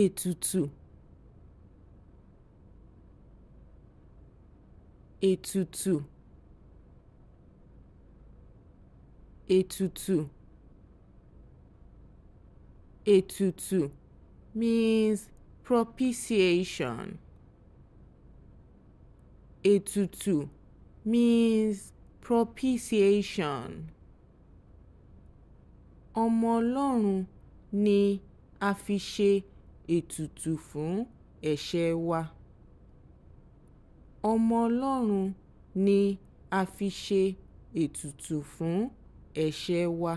ètùtù ètùtù ètùtù ètùtù means propitiation ètùtù means propitiation ọmọ Ọlọ́run ni a fi ṣe ètùtù fún ẹ̀ṣẹ̀ wa ọmọ ọlọ́run ni a fi ṣe ètùtù fún ẹ̀ṣẹ̀ wa